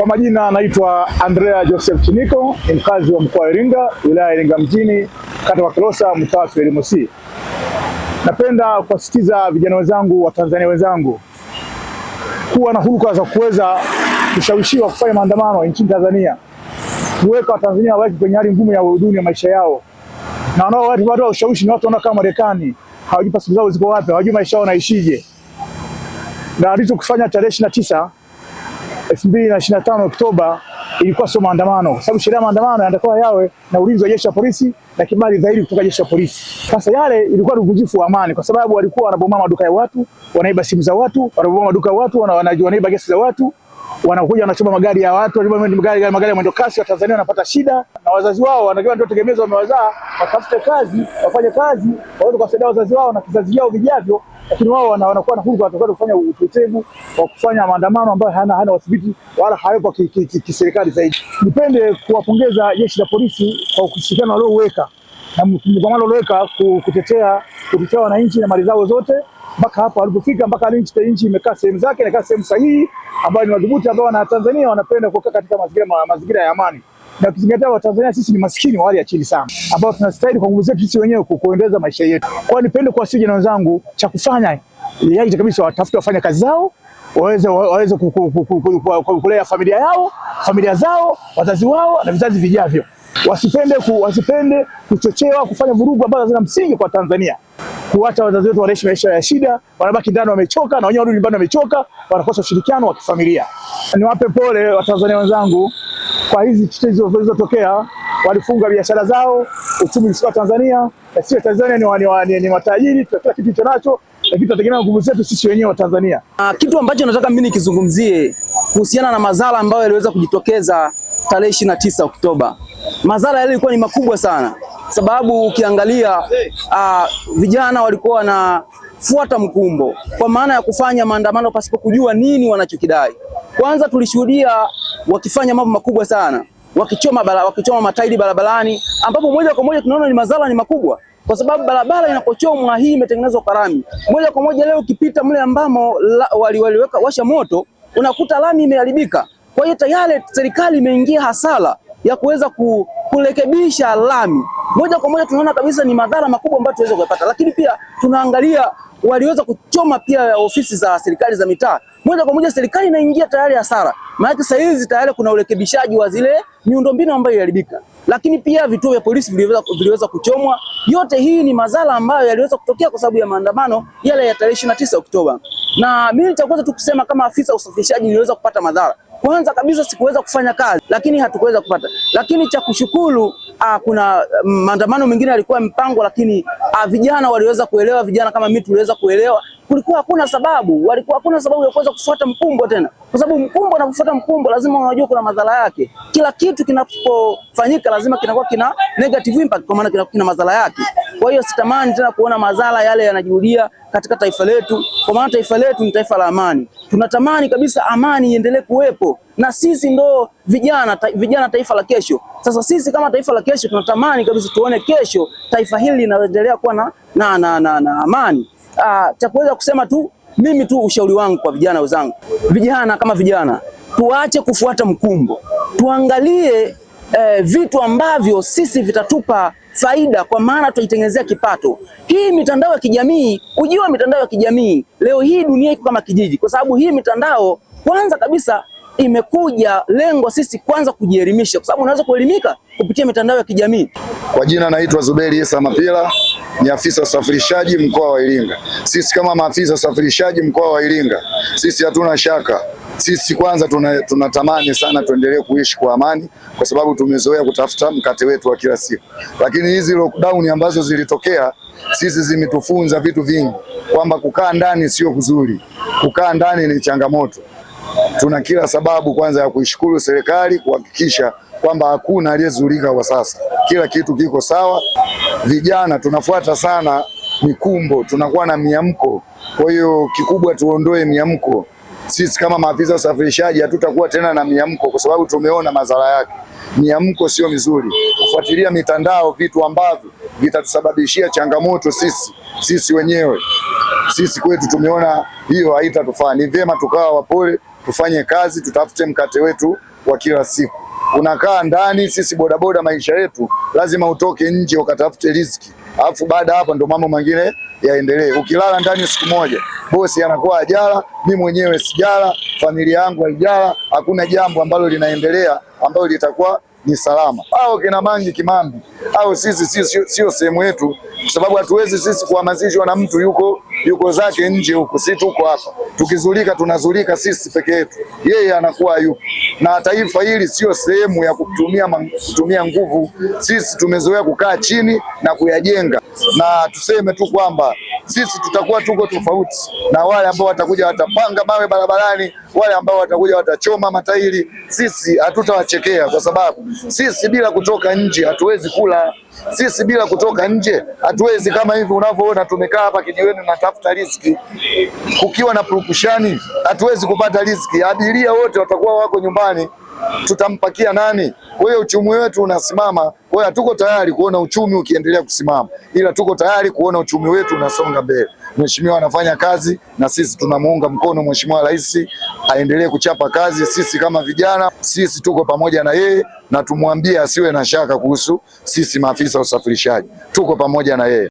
Kwa majina anaitwa Andrea Joseph Chiniko, ni mkazi wa mkoa wa Iringa, wilaya ya Iringa mjini, kata wa Kilosa, mtaa wa Elimu Napenda kuwasitiza vijana wenzangu, Watanzania wenzangu kuwa na huruka za kuweza kushawishiwa kufanya maandamano nchini Tanzania, kuweka Watanzania waweke kwenye hali ngumu ya uduni ya maisha yao, na wanaowapa ushawishi ni watu kama Marekani, hawajui pasipoti zao ziko wapi, hawajui maisha yao wanaishije, na alichokifanya tarehe ishirini na tisa 2025 Oktoba ilikuwa sio maandamano, kwa sababu sheria ya maandamano yanatakiwa yawe na ulinzi wa jeshi la polisi na kibali dhahiri kutoka jeshi la polisi. Sasa yale ilikuwa ni uvunjifu wa amani, kwa sababu walikuwa wanabomoa maduka ya watu, wanaiba simu za watu, wanabomoa maduka ya watu, wanaiba gesi za watu wanakuja wanachoma magari ya watu, magari ya mwendo kasi. wa Tanzania wanapata shida na wazazi wao wanajua ndio tegemezo wamewazaa, watafute kazi, wafanye kazi, waweze kuwasaidia wazazi wao na kizazi chao vijavyo, lakini wao wanakuwa na huru watakwenda kufanya utetevu wa kufanya maandamano ambayo hana hana udhibiti wala hayapo kiserikali. Zaidi nipende kuwapongeza jeshi la polisi kwa ushirikiano walioweka na mgamano walioweka kutetea kutetea wananchi na mali zao zote mpaka hapa walipofika, mpaka nchi imekaa sehemu zake, inakaa sehemu sahihi ambayo ni madhubuti, ambao Tanzania wanapenda kukaa katika mazingira ya amani na tukizingatia Watanzania sisi ni maskini wa hali ya chini sana, ambao tunastahili kwa nguvu zetu sisi wenyewe kuendeleza maisha yetu. Kwa hiyo nipende kwa sijana wenzangu cha kufanya yaje yaani kabisa, watafute wafanya kazi zao waweze waweze kulea familia yao familia zao wazazi wao na vizazi vijavyo, wasipende ku, wasipende kuchochewa kufanya vurugu ambazo hazina msingi kwa Tanzania, kuacha wazazi wetu wanaishi maisha ya shida, wanabaki ndani wamechoka, na wenyewe warudi nyumbani wamechoka, wanakosa ushirikiano wa kifamilia. Niwape pole Watanzania wenzangu kwa hizi zilizotokea, walifunga biashara zao, uchumi ulishuka Tanzania, na sio Tanzania ni, wani, wani, ni matajiri kila kitu cha nacho, lakini tutategemea nguvu zetu sisi wenyewe wa Tanzania. Ah, kitu ambacho nataka mimi nikizungumzie kuhusiana na madhara ambayo yaliweza kujitokeza tarehe ishirini na tisa Oktoba, madhara yale yalikuwa ni makubwa sana, sababu ukiangalia uh, vijana walikuwa wanafuata mkumbo kwa maana ya kufanya maandamano pasipo kujua nini wanachokidai. Kwanza tulishuhudia wakifanya mambo makubwa sana, wakichoma bala, wakichoma matairi barabarani, ambapo moja kwa moja tunaona ni madhara ni makubwa, kwa sababu barabara inapochomwa hii imetengenezwa kwa lami moja kwa moja. Leo ukipita mle ambamo waliweka washa moto, unakuta lami imeharibika. Kwa hiyo tayari serikali imeingia hasara ya kuweza ku, kurekebisha lami moja kwa moja. Tunaona kabisa ni madhara makubwa ambayo tunaweza kuyapata, lakini pia tunaangalia waliweza kuchoma pia ofisi za serikali za mitaa, moja kwa moja serikali inaingia tayari hasara, maana sasa hizi tayari kuna urekebishaji wa zile miundombinu ambayo iliharibika, lakini pia vituo vya polisi viliweza, viliweza kuchomwa. Yote hii ni madhara ambayo yaliweza kutokea kwa sababu ya maandamano yale ya tarehe 29 Oktoba, na mimi nitakuweza tu kusema kama afisa usafirishaji niliweza kupata madhara. Kwanza kabisa sikuweza kufanya kazi, lakini hatukuweza kupata, lakini cha kushukuru a, ah, kuna mm, maandamano mengine yalikuwa mpango, lakini a, ah, vijana waliweza kuelewa, vijana kama mimi tuliweza kuelewa kulikuwa hakuna sababu, walikuwa hakuna sababu ya kuweza kufuata mkumbo tena, kwa sababu mkumbo anapofuata mkumbo lazima unajua kuna madhara yake. Kila kitu kinapofanyika lazima kinakuwa kina negative impact, kwa maana kina madhara yake. Kwa hiyo sitamani tena kuona madhara yale yanajirudia katika taifa letu, kwa maana taifa letu ni taifa la amani. Tunatamani kabisa amani iendelee kuwepo, na sisi ndo vijana ta, vijana taifa la kesho. Sasa sisi kama taifa la kesho tunatamani kabisa tuone kesho taifa hili linaendelea kuwa na, na, na, na, na amani uh, cha kuweza kusema tu mimi tu ushauri wangu kwa vijana wenzangu, vijana kama vijana, tuache kufuata mkumbo, tuangalie eh, vitu ambavyo sisi vitatupa faida, kwa maana tutajitengenezea kipato. Hii mitandao ya kijamii, ujio wa mitandao ya kijamii leo hii dunia iko kama kijiji, kwa sababu hii mitandao kwanza kabisa imekuja lengo sisi kwanza kujielimisha, kwa sababu unaweza kuelimika kupitia mitandao ya kijamii. Kwa jina naitwa Zuberi Isa Mapila, ni afisa usafirishaji mkoa wa Iringa. Sisi kama maafisa usafirishaji mkoa wa Iringa, sisi hatuna shaka sisi kwanza tunatamani tuna sana tuendelee kuishi kwa amani, kwa sababu tumezoea kutafuta mkate wetu wa kila siku, lakini hizi lockdown ambazo zilitokea sisi zimetufunza vitu vingi, kwamba kukaa ndani sio kuzuri, kukaa ndani ni changamoto. Tuna kila sababu kwanza ya kuishukuru serikali kuhakikisha kwamba hakuna aliyezulika kwa sasa, kila kitu kiko sawa. Vijana tunafuata sana mikumbo, tunakuwa na miamko. Kwa hiyo kikubwa tuondoe miamko. Sisi kama maafisa usafirishaji hatutakuwa tena na miamko, kwa sababu tumeona madhara yake. Miamko sio mizuri, kufuatilia mitandao, vitu ambavyo vitatusababishia changamoto sisi sisi wenyewe sisi kwetu tumeona hiyo haitatufaa. Ni vyema tukawa wapole, tufanye kazi, tutafute mkate wetu wa kila siku. Unakaa ndani, sisi bodaboda, maisha yetu lazima utoke nje ukatafute riziki, alafu baada hapo ndo mambo mengine yaendelee. Ukilala ndani siku moja, bosi anakuwa ajala, mi mwenyewe sijala, familia yangu haijala, hakuna jambo ambalo linaendelea ambalo litakuwa ni salama. Au kina mangi kimambi au sisi sisi sio sehemu yetu, kwa sababu hatuwezi sisi kuhamasishwa na mtu yuko yuko zake nje huko, si tuko hapa. Tukizulika tunazulika sisi peke yetu, yeye anakuwa yupo. Na taifa hili sio sehemu ya kutumia kutumia nguvu. Sisi tumezoea kukaa chini na kuyajenga, na tuseme tu kwamba sisi tutakuwa tuko tofauti na wale ambao watakuja watapanga mawe barabarani, wale ambao watakuja watachoma matairi. Sisi hatutawachekea kwa sababu sisi bila kutoka nje hatuwezi kula, sisi bila kutoka nje hatuwezi. Kama hivi unavyoona tumekaa hapa kijiweni na tafuta riziki, kukiwa na purukushani hatuwezi kupata riziki. Abiria wote watakuwa wako nyumbani tutampakia nani? Kwa hiyo uchumi wetu unasimama. Kwa hiyo hatuko tayari kuona uchumi ukiendelea kusimama, ila tuko tayari kuona uchumi wetu unasonga mbele. Mheshimiwa anafanya kazi na sisi tunamuunga mkono Mheshimiwa Rais aendelee kuchapa kazi. Sisi kama vijana, sisi tuko pamoja na yeye na tumwambie asiwe na shaka kuhusu sisi maafisa wa usafirishaji, tuko pamoja na yeye.